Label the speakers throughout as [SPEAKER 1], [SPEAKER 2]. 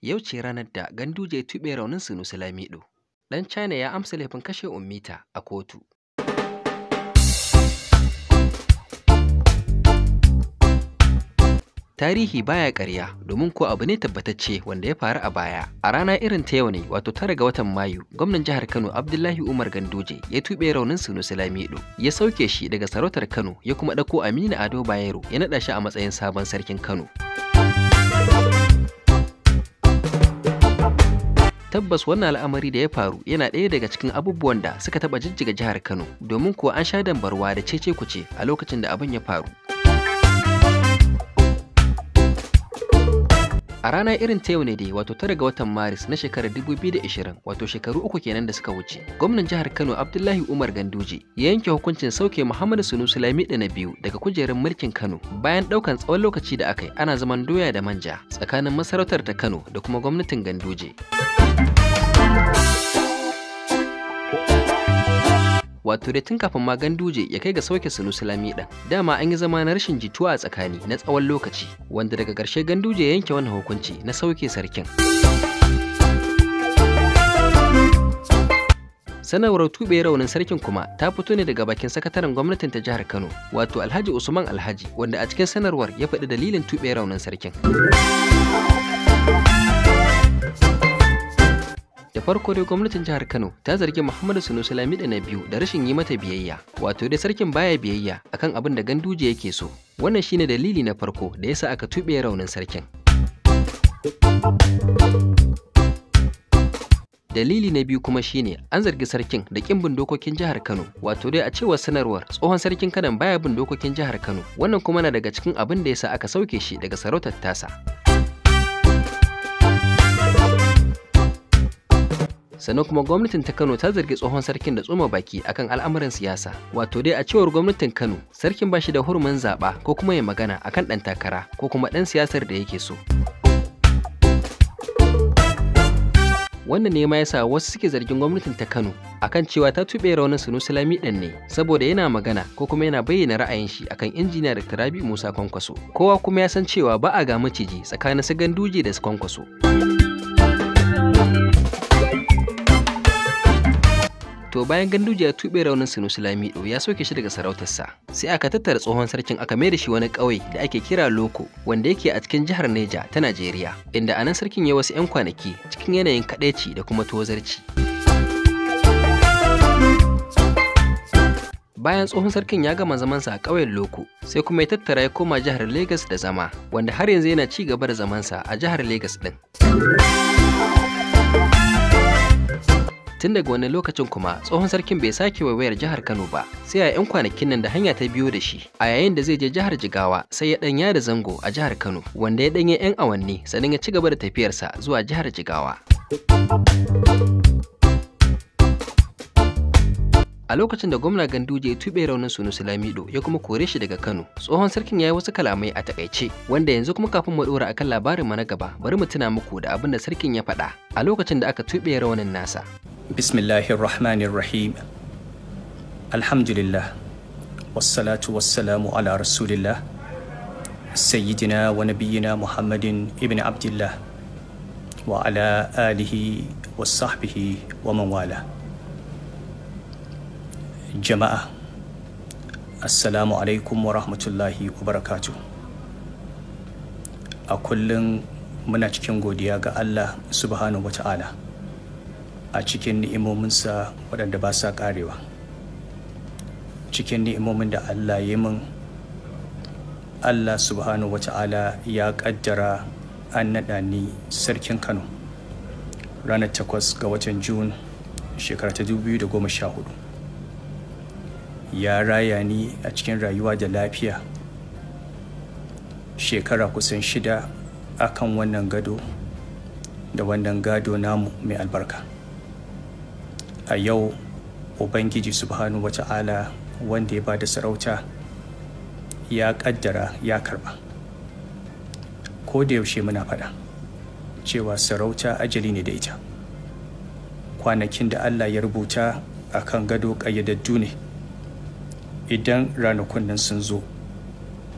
[SPEAKER 1] Yau ce ranar da Ganduje ya tuɓe raunin Sunusi Lamido. Ɗan China ya amsa laifin kashe Ummita a kotu. Tarihi baya karya domin ko abu ne tabbatacce wanda ya faru a baya. A rana irin ta yau ne wato tara ga watan Mayu, gwamnan jihar Kano Abdullahi Umar Ganduje ya tuɓe raunin Sunusi Lamido, ya sauke shi daga sarautar Kano ya kuma ɗauko Aminu Ado Bayero ya naɗa shi a matsayin sabon sarkin Kano. tabbas wannan al'amari da ya faru yana ɗaya daga cikin abubuwan da suka taɓa jijjiga jihar Kano domin kuwa an sha dambarwa da cece kuce a lokacin da abin ya faru. A rana irin ta yau ne dai wato tara ga watan Maris na shekarar 2020 wato shekaru uku kenan da suka wuce. Gwamnan jihar Kano Abdullahi Umar Ganduje ya yanke hukuncin sauke Muhammadu Lami Lamida na biyu daga kujerar mulkin Kano bayan ɗaukan tsawon lokaci da aka yi ana zaman doya da manja tsakanin masarautar ta Kano da kuma gwamnatin Ganduje. wato dai tun kafin ma ganduje ya kai ga sauke sulami ɗan dama an yi zama na rashin jituwa a tsakani na tsawon lokaci wanda daga ƙarshe ganduje ya yanke wannan hukunci na sauke sarkin sanarwar Tuɓe raunin sarkin kuma ta fito ne daga bakin sakataren gwamnatin ta jihar kano wato alhaji usman alhaji wanda a cikin sanarwar ya faɗi dalilin tuɓe raunin sarkin da farko dai gwamnatin jihar Kano ta zargi Muhammadu Sunusi Lamida na biyu da rashin yi mata biyayya wato dai sarkin baya biyayya akan abin da ganduje yake so wannan shine dalili na farko da yasa aka tuɓe raunin sarkin dalili na biyu kuma shine an zargi sarkin da kin bin dokokin jihar Kano wato dai a cewar sanarwar tsohon sarkin Kano baya bin dokokin jihar Kano wannan kuma na daga cikin abin da yasa aka sauke shi daga sarautar tasa sannan kuma gwamnatin ta kano ta zargi tsohon sarkin da tsoma baki akan al'amuran siyasa wato dai a cewar gwamnatin kano sarkin ba shi da hurumin zaɓa ko kuma ya magana akan ɗan takara ko kuma ɗan siyasar da yake so wannan ne ma ya sa wasu suke zargin gwamnatin ta Kano akan cewa ta tuɓe raunin Sunusi ɗan ne saboda yana magana ko kuma yana bayyana ra'ayin shi akan injiniya Dr. Rabi Musa Kwankwaso. Kowa kuma ya san cewa ba a ga maciji tsakanin su ganduje da su Kwankwaso. To bayan Ganduje ya tuɓe raunin Sanusi Lamido ya soke shi daga sarautarsa, sai aka tattara tsohon sarkin aka mai da shi wani ƙauye da ake kira Loko wanda yake a cikin jihar Neja ta Najeriya, inda anan sarkin ya wasu 'yan kwanaki cikin yanayin kaɗaici da kuma tozarci. Bayan tsohon sarkin ya gama zamansa a ƙauyen Loko, sai kuma ya tattara ya koma jihar Legas da zama, wanda har yanzu yana ci gaba da zamansa a jihar Legas ɗin. tun daga wani lokacin kuma tsohon sarkin bai sake waiwayar jihar kano ba sai a 'yan kwanakin nan da hanya ta biyo da shi a yayin da zai je jihar jigawa sai ya danya da zango a jihar kano wanda ya ɗanye 'yan awanni sannan ya ci gaba da tafiyarsa zuwa jihar jigawa a lokacin da gwamna ganduje ya tuɓe raunin sunu sulamido ya kuma kore shi daga kano tsohon sarkin ya yi wasu kalamai a takaice wanda yanzu kuma kafin mu ɗora akan labarin mu na gaba bari mu tuna muku da abin da sarkin ya faɗa a lokacin da aka tuɓe raunin nasa
[SPEAKER 2] بسم الله الرحمن الرحيم الحمد لله والصلاة والسلام على رسول الله سيدنا ونبينا محمد ابن عبد الله وعلى آله وصحبه ومن والاه جماعة السلام عليكم ورحمة الله وبركاته أكل من cikin godiya ga Allah subhanahu wa ta'ala a cikin ni'imominsa waɗanda ba sa ƙarewa cikin ni'imomin da allah yi min allah subhanahu wa ta'ala ya ƙaddara an naɗa ni sarkin kano ranar takwas ga watan jun shekara ta hudu. ya raya ni a cikin rayuwa da lafiya shekara kusan shida akan wannan gado da wannan gado namu mai albarka a yau ubangiji subhanu wa ta'ala wanda ya bada sarauta ya kaddara ya karba ko da yaushe muna faɗa cewa sarauta ajali ne da ita kwanakin da allah ya rubuta a kan gado ƙayyadaddu ne idan ranakun nan sun zo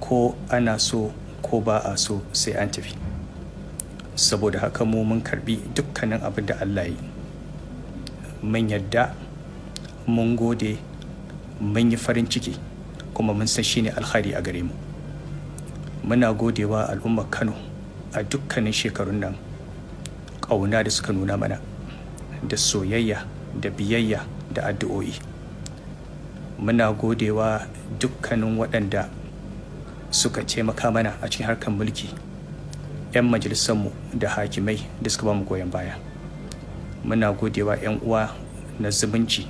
[SPEAKER 2] ko ana so ko ba a so sai an tafi saboda haka mu mun karbi dukkanin abin da allah ya yi mun yadda mun gode mun yi farin ciki kuma mun san shine alhari a gare mu muna godewa al'ummar kano a dukkanin shekarun nan ƙauna da suka nuna mana da soyayya da biyayya da addu'o'i muna godewa dukkanin waɗanda suka taimaka mana a cikin harkar mulki 'yan majalisarmu da hakimai da suka ba mu goyon baya. muna godewa 'yan uwa na zumunci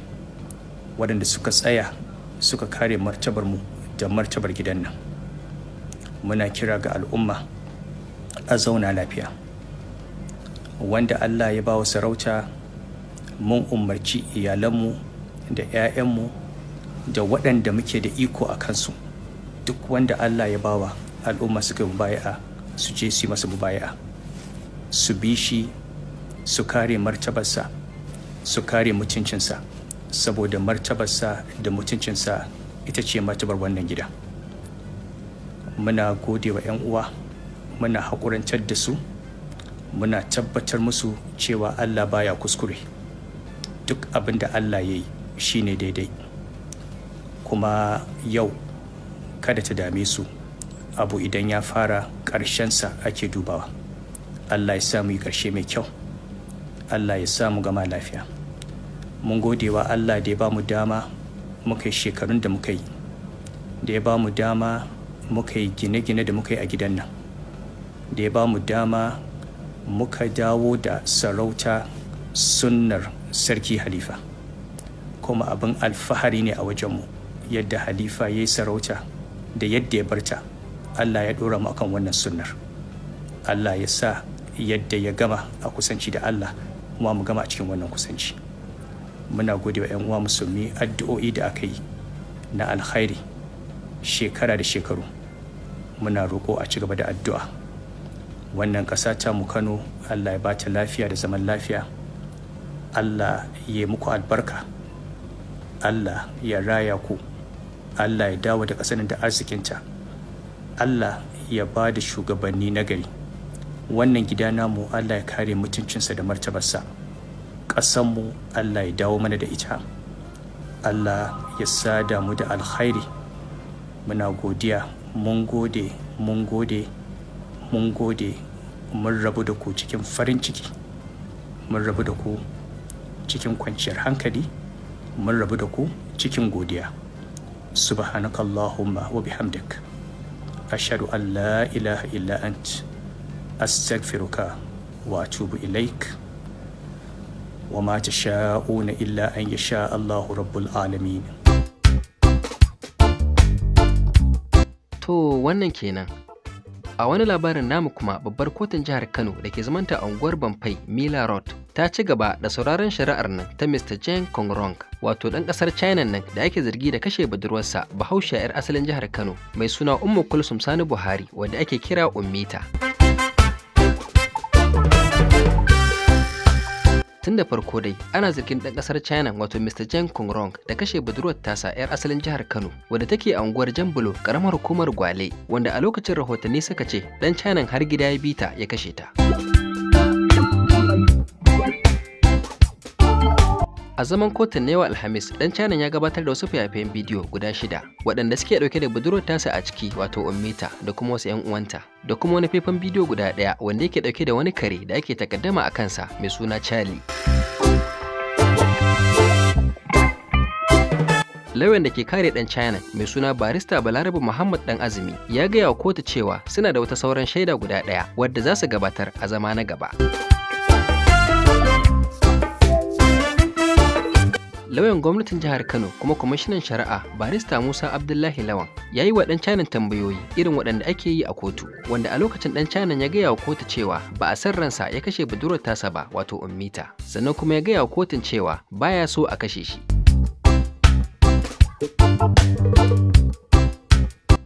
[SPEAKER 2] waɗanda suka tsaya suka kare martabar mu da martabar gidan nan muna kira ga al'umma a zauna lafiya wanda allah ya ba wa sarauta mun umarci iyalanmu da 'ya'yanmu da waɗanda muke da iko a kansu duk wanda allah ya bawa al'umma suka mubaya'a su je su yi masa mubaya'a su bi shi su kare martabarsa su kare mutuncinsa saboda martabarsa da mutuncinsa ita ce martabar wannan gida muna gode wa 'yan uwa muna haƙurantar da su muna tabbatar musu cewa allah baya kuskure duk abin da allah ya yi shine daidai kuma yau kada ta dame su abu idan ya fara ƙarshensa ake dubawa allah ya samu yi ƙarshe mai kyau allah ya samu gama lafiya mun gode wa allah da ya ba mu dama muka yi shekarun da muka yi da ya ba mu dama muka yi gine-gine da muka yi a gidan nan da ya ba mu dama muka dawo da sarauta sunnar sarki halifa kuma abin alfahari ne a wajenmu yadda halifa ya yi sarauta da yadda ya barta allah ya ɗora mu akan wannan sunnar allah ya sa yadda ya gama a kusanci da allah kuma mu gama a cikin wannan kusanci muna gode wa 'yan uwa musulmi addu'o'i da aka yi na alkhairi shekara da shekaru muna roƙo a ci gaba da addu'a wannan ƙasa ta mu kano allah ya bata lafiya da zaman lafiya allah ya yi muku albarka allah ya raya ku allah ya dawo da ƙasar da arzikinta allah ya ba da shugabanni nagari wannan gida namu allah ya kare mutuncinsa da martabarsa ƙasanmu allah ya dawo mana da ita allah ya sada mu da alkhairi muna godiya mun gode mun gode mun gode mun rabu da ku cikin farin ciki mun rabu da ku cikin kwanciyar hankali mun rabu da ku cikin godiya subhanakallahumma wa bihamdik ashhadu an la ilaha illa anta astaghfiruka wa atubu ilaik wa ma tasha'una illa an yasha Allahu rabbul alamin
[SPEAKER 1] to wannan kenan a wani labarin namu kuma babbar kotun jihar kano da ke zamanta a unguwar bamfai mila road ta ci gaba da sauraron shari'ar nan ta mr jen kongrong wato ɗan ƙasar china nan da ake zargi da kashe budurwarsa bahaushe 'yar asalin jihar kano mai suna ummu kulsum sani buhari wadda ake kira ummita Tun da farko dai ana zargin ɗan ƙasar China wato Mr. Zheng rong da kashe budurwar tasa 'yar asalin jihar Kano wadda take a unguwar Jambulo karamar hukumar Gwale wanda a lokacin rahotanni suka ce ɗan China har gida ya bita ya kashe ta. a zaman kotun na yau alhamis ɗan canan ya gabatar da wasu fayafayen bidiyo guda shida waɗanda suke ɗauke da budurwar tasa a ciki wato ummita da kuma wasu 'yan uwanta da kuma wani faifan bidiyo guda ɗaya wanda yake ɗauke da wani kare da ake takaddama a kansa mai suna charlie lauyan da ke kare ɗan china mai suna barista balarabe muhammad dan azumi ya gaya wa kotu cewa suna da wata sauran shaida guda ɗaya wadda za su gabatar a zama na gaba. lauyan gwamnatin jihar kano kuma kwamishinan shari'a barista musa abdullahi lawan ya yi wa ɗan canan tambayoyi irin waɗanda ake yi a kotu wanda a lokacin ɗan canan ya gaya wa kotu cewa ba a san ransa ya kashe budurwar tasa ba wato ummita sannan kuma ya gaya wa kotun cewa baya so a kashe shi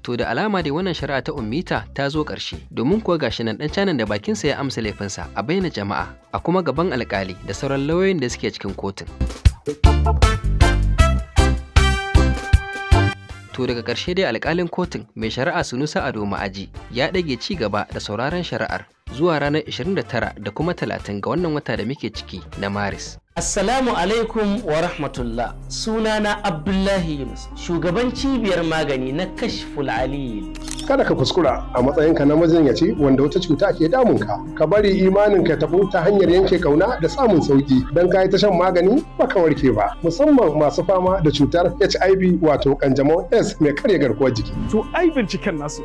[SPEAKER 1] to da alama dai wannan shari'a ta ummita ta zo ƙarshe domin kuwa gashi nan dan canan da bakinsa ya amsa laifinsa a bayyana jama'a a kuma gaban alkali da sauran lauyoyin da suke cikin kotun. To daga ƙarshe dai alƙalin kotun mai shari'a Sunusa Ado Ma'aji ya ɗage ci gaba da sauraron shari'ar zuwa ranar 29 da kuma 30 ga wannan wata da muke ciki na Maris.
[SPEAKER 3] Assalamu alaikum wa rahmatullah sunana Abdullahi Yunus shugaban cibiyar magani na kashful aliyu. Kada ka kuskura a matsayinka na majinyaci wanda wata cuta ke damunka. Ka bari imanin ka tabu ta hanyar yanke kauna da samun sauki don ka yi ta shan magani baka warke ba. Musamman masu fama da cutar HIV wato kanjamau S mai karya garkuwar jiki. To ai binciken nasu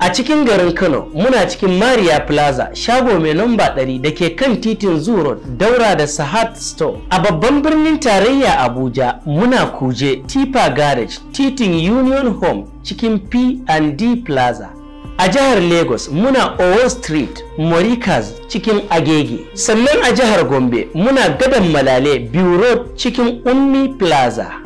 [SPEAKER 3] A cikin garin Kano muna cikin Maria Plaza shago mai lamba 100 da ke kan titin Zoo Road daura da Sahat Store. A babban birnin tarayya Abuja muna kuje Tipa Garage titin Union Home cikin P&D Plaza. A jihar Lagos muna Owo Street, Morikas cikin Agege. Sannan a jihar Gombe muna Gadon Malale Bureau cikin Ummi Plaza.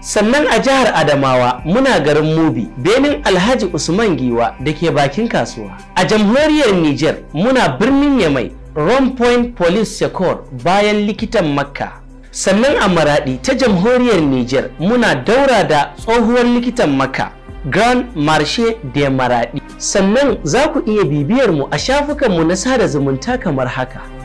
[SPEAKER 3] sannan a jihar adamawa muna garin mubi benin alhaji usman giwa da ke bakin kasuwa a jamhuriyar niger muna birnin yamai Ron Point Police Secor bayan likitan Makka. Sannan a Maraɗi ta jamhuriyar Nijar muna daura da tsohuwar likitan Makka. Grand Marche de Maraɗi. Sannan za ku iya bibiyar mu a shafukanmu na sada zumunta kamar haka.